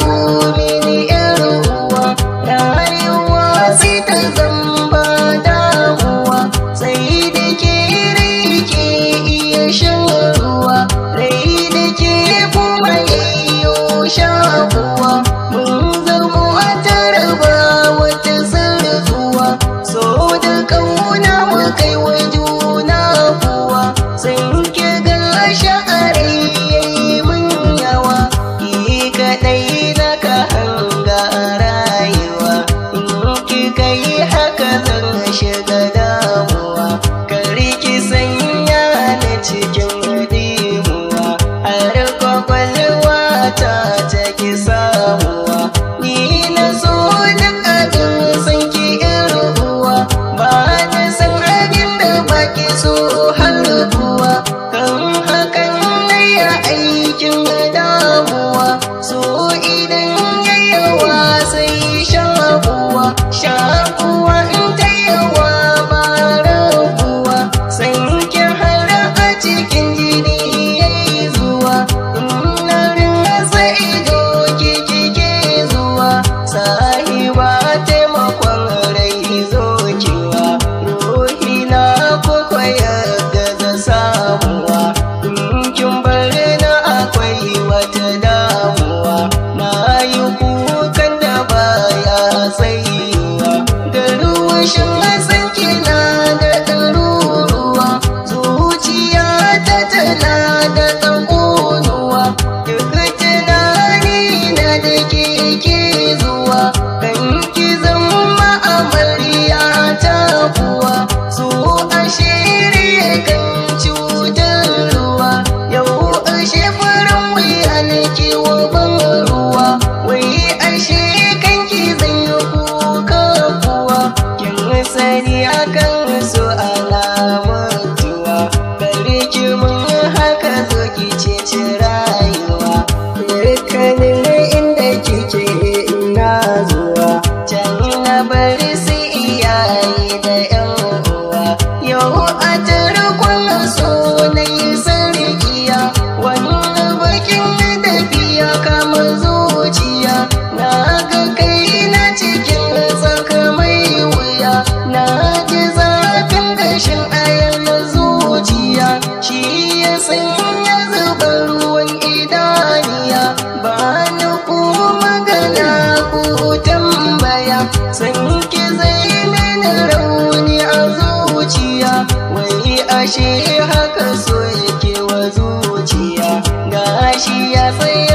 buri ki zuwa dan ki zama amarya ta kuwa so a shirye kan cutar ruwa yau ashe farin wuya na kiwo ban ruwa wai ashe kan ki zan yi kuka kuwa kin sani akan su alamatuwa bari ki mun haka zo ki ce Wani rauni a zuciya wai ashe haka so yake wa zuciya gashi ya sai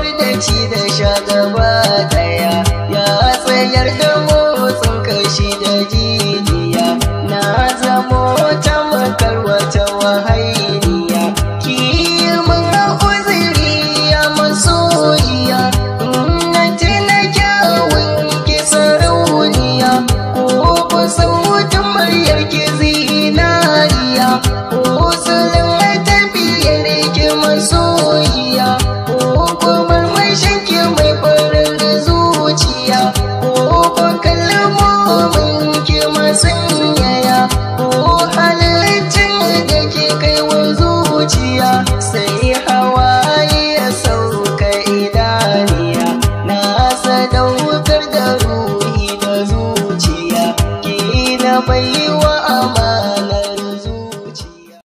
baiwa